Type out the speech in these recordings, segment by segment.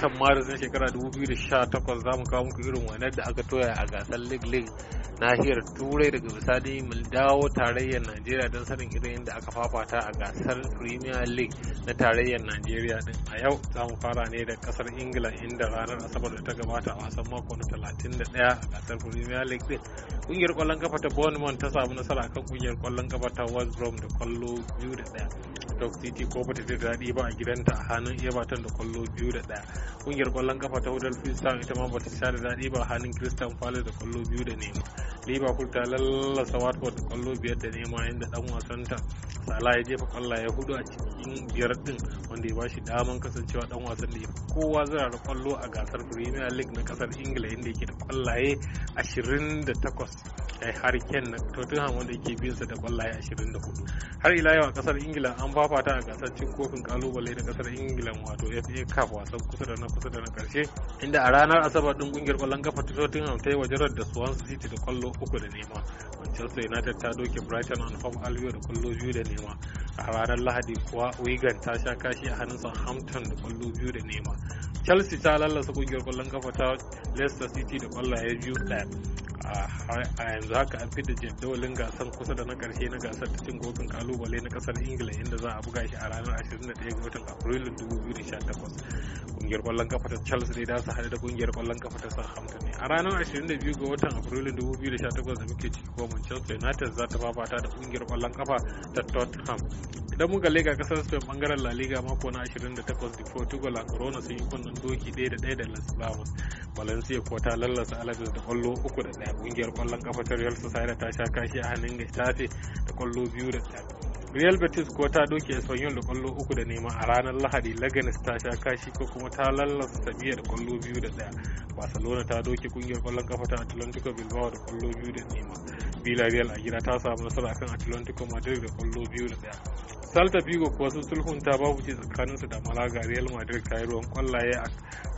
watan maris na shekara 2018 za mu kawo muku irin wainar da aka toya a gasar lig-lig nahiyar turai daga misali mu dawo tarayyar najeriya don sanin irin da aka fafata a gasar premier league na tarayyar najeriya din a yau za mu fara ne da kasar ingila inda ranar asabar da ta gabata a wasan mako na 31 a gasar premier league din kungiyar kwallon kafa ta bournemouth ta samu nasara kan kungiyar kwallon kafa ta west brom da kwallo biyu da daya stock city ko bata ta daɗi ba a gidanta a hannun everton da kwallo biyu da ɗaya ƙungiyar kwallon kafa ta huddersfield town ita ma bata sha da daɗi ba a hannun crystal palace da kwallo biyu da nema liverpool ta lallasa watford da kwallo biyar da nema inda ɗan wasanta salah ya jefa kwallaye hudu a ciki cikin biyar din wanda ya bashi daman kasancewa dan wasan da ya kowa zai da kwallo a gasar premier league na kasar ingila inda yake da kwallaye 28 kai eh, harry kane na tottenham wanda yake bin sa da kwallaye 24 har ila yau a kasar ingila an fafata a gasar cin kofin kalubale na kasar ingila wato fa cup wasan kusa da na kusa da na karshe inda a ranar asabar din kungiyar kwallon kafa ta tottenham ta yi wajarar da swansea city da kwallo uku da nema manchester united ta doke brighton and hove albion da kwallo biyu da nema a ranar lahadi kuwa wigan ta sha kashi a hannun southampton da kwallo biyu da nema chelsea ta lallasa kungiyar kwallon kafa ta leicester city da kwallaye biyu daya a yanzu haka an fi da jadawalin gasar kusa da na karshe na gasar cin kofin kalubale na kasar ingila inda za a buga shi a ranar 21 ga watan afrilun 2018 kungiyar kwallon kafa ta charles ne da su haɗu da kungiyar kwallon kafa ta southampton ne a ranar 22 ga watan afrilun 2018 da muke ciki kuma manchester united za ta fafata da kungiyar kwallon kafa ta tottenham idan muka lega kasar spain bangaren la liga mako na 28 da portugal a corona sun yi kunnen doki ɗaya da ɗaya da las palmas valencia ko ta lallasa alaves da kwallo uku da daya kungiyar kwallon kafa ta real society ta sha kashi a hannun gestafe da kwallo biyu da daya real betis ko ta doke espanyol da kwallo uku da nema a ranar lahadi laganes ta sha kashi ko kuma ta lallasa sabiya da kwallo biyu da daya barcelona ta doke kungiyar kwallon kafa ta atlantico bilbao da kwallo biyu da nema villarreal a gida ta samu nasara akan atlantico madrid da kwallo biyu da daya salta Vigo kuwa sun sulhunta babu ce tsakaninsu da Malaga Real Madrid ta yi ruwan kwallaye a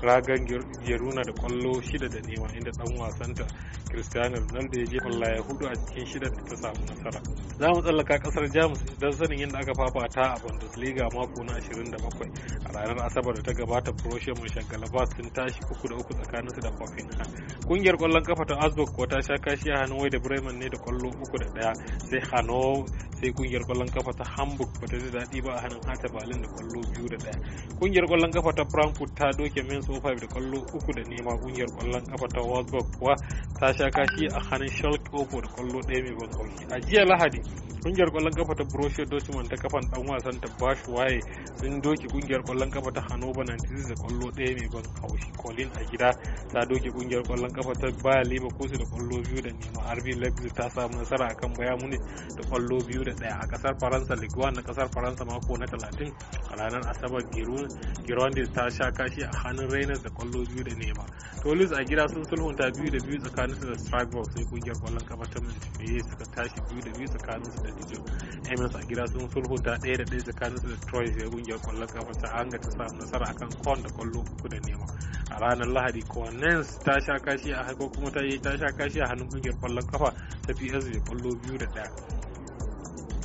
ragan geruna da kwallo shida da nema inda dan wasanta Cristiano Ronaldo ya je kwallaye hudu a cikin shida da ta samu nasara. Za mu tsallaka kasar Jamus don sanin yadda aka fafata a Bundesliga mako na 27 a ranar Asabar da ta gabata Borussia Mönchengladbach sun tashi uku da uku tsakaninsu da Hoffenheim kungiyar kwallon kafa ta asdok ko ta sha kashi a hanoi da bremen ne da kwallo uku da daya sai hano sai kungiyar kwallon kafa ta hamburg ba ta ji daɗi ba a hannun hata balin da kwallo biyu da daya kungiyar kwallon kafa ta frankfurt ta doke mainz 05 da kwallo uku da nema kungiyar kwallon kafa ta wolfsburg kuwa ta sha kashi a hannun schalke ofo oh da kwallo ɗaya mai ban a jiya lahadi kungiyar kwallon kafa ta Borussia Dortmund ta kafan dan wasan ta Bash Waye sun doki kungiyar kwallon kafa ta Hannover 96 da kwallo ɗaya mai ban haushi Colin a gida ta doki kungiyar kwallon kafa ta Bayer Leverkusen da kwallo biyu da nema RB Leipzig ta samu nasara akan Bayern Munich da kwallo biyu da ɗaya a kasar Faransa Ligue 1 na kasar Faransa mako na 30 a ranar Asabar Girondins ta sha kashi a hannun Rangers da kwallo biyu da nema Tolis a gida sun sulhunta biyu da biyu tsakaninsu da Strasbourg sai kungiyar kwallon kafa ta Montpellier suka tashi biyu da biyu tsakaninsu da Abidjan ta a gida sun da ɗaya da ɗaya tsakaninsu da Troy sai kungiyar kwallon kafa ta hanga ta samu nasara akan Kon da kwallo uku da nema a ranar Lahadi Cornens ta sha kashi a hako kuma ta yi ta sha kashi a hannun kungiyar kwallon kafa ta PSV kwallo biyu da ɗaya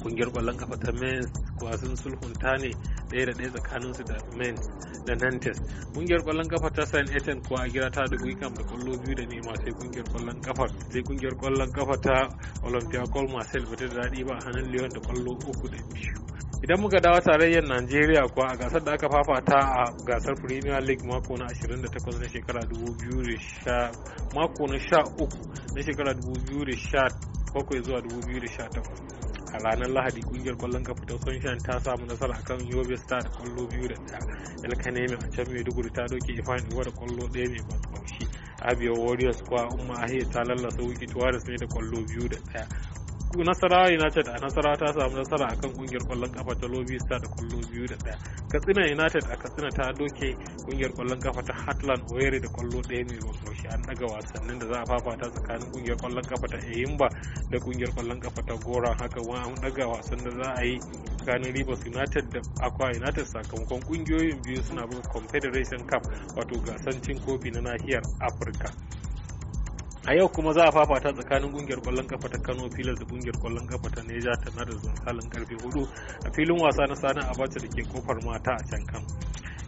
kungiyar kwallon kafa ta Mainz kuwa sun sulhunta ne ɗaya da ɗaya tsakanin su da men da Nantes kungiyar kwallon kafa ta San Etienne kuwa a gira ta da kam da kwallo biyu da nema sai kungiyar kwallon kafa sai kungiyar kwallon kafa ta olympia Olympiacos Marseille bata da daɗi ba a hannun Lyon da kwallo uku da biyu idan muka dawo tarayyar najeriya kuwa a gasar da aka fafata a gasar premier league mako na 28 na shekara 2010 mako na 13 na shekara 2017 zuwa 2018 a ranar lahadi kungiyar kwallon kafa ta sunshine ta samu nasara akan yobe star da kwallo biyu da ɗaya elkanemi a can maiduguri ta doke ifan uwa da kwallo ɗaya mai ban haushi abiyar warriors kuwa umma ahe ta lallasa wiki tuwaris ne da kwallo biyu da ɗaya nasara united a nasara ta samu nasara akan kungiyar kwallon kafa ta lobby star da kwallo biyu da daya katsina united a katsina ta doke kungiyar kwallon kafa ta hatland oyere da kwallo daya mai rososhi an daga wasannin da za a fafata tsakanin kungiyar kwallon kafa ta eyimba da kungiyar kwallon kafa ta gora haka wa an daga wasan da za a yi tsakanin rivers united da aqua united sakamakon kungiyoyin biyu suna buga confederation cup wato gasan cin kofi na nahiyar afirka a yau kuma za a fafata tsakanin kungiyar kwallon kafa ta kano filas da kungiyar kwallon kafa ta neja ta na da misalin karfe hudu a filin wasa na sani abacha da ke kofar mata a can kan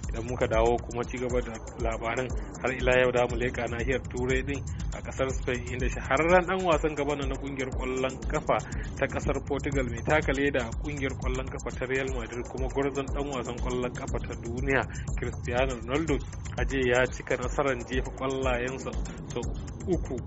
idan muka dawo kuma ci gaba da labarin har ila yau da mu leka nahiyar turai din a kasar spain inda shahararren dan wasan gaba na kungiyar kwallon kafa ta kasar portugal mai takale da kungiyar kwallon kafa ta real madrid kuma gwarzon dan wasan kwallon kafa ta duniya cristiano ronaldo aje ya cika nasarar jefa kwallayensa uku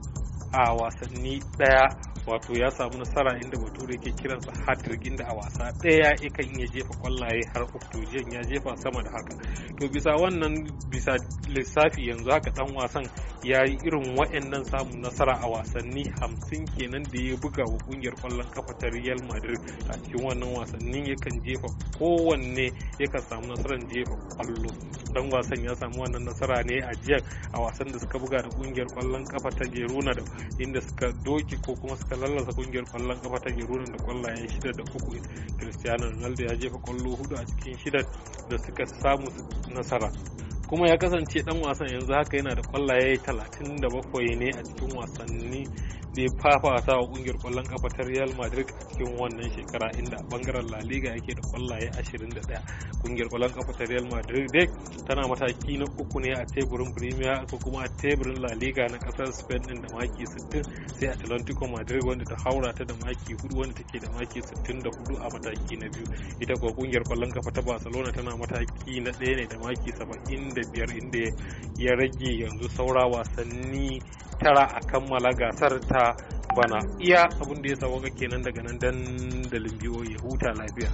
a wasanni ɗaya wato ya samu nasara inda bature ke kiransa hattrick inda a wasa daya yakan ya jefa kwallaye har uku ya jefa sama da haka to bisa wannan bisa lissafi yanzu haka dan wasan ya yi irin wa'annan samun nasara a wasanni hamsin kenan da ya buga wa kungiyar kwallon kafa ta real madrid a cikin wannan wasannin yakan jefa kowanne yakan samu nasarar jefa kwallo dan wasan ya samu wannan nasara ne a jiya a wasan da suka buga da kungiyar kwallon kafa ta gerona da inda suka doki ko kuma suka lallasa kungiyar kwallon kafa ta Girona da kwallaye shida da uku Cristiano Ronaldo ya jefa kwallo hudu a cikin shida da suka samu nasara kuma ya kasance dan wasan yanzu haka yana da kwallaye 37 ne a cikin wasanni da ya fafata wa kungiyar kwallon kafa ta Real Madrid a cikin wannan shekara inda a bangaren La Liga yake da kwallaye 21 kungiyar kwallon kafa ta Real Madrid dai tana mataki na uku ne a teburin Premier ko kuma a teburin La Liga na kasar Spain din da maki 60 sai Atlantico Madrid wanda ta haura ta da maki 4 wanda take da maki 64 a mataki na biyu ita kuwa kungiyar kwallon kafa ta Barcelona tana mataki na ɗaya ne da maki 75 inda ya rage yanzu saura wasanni tara a kammala gasar ta bana iya abin da ya sauka kenan daga nan dandalin biyo ya huta lafiya.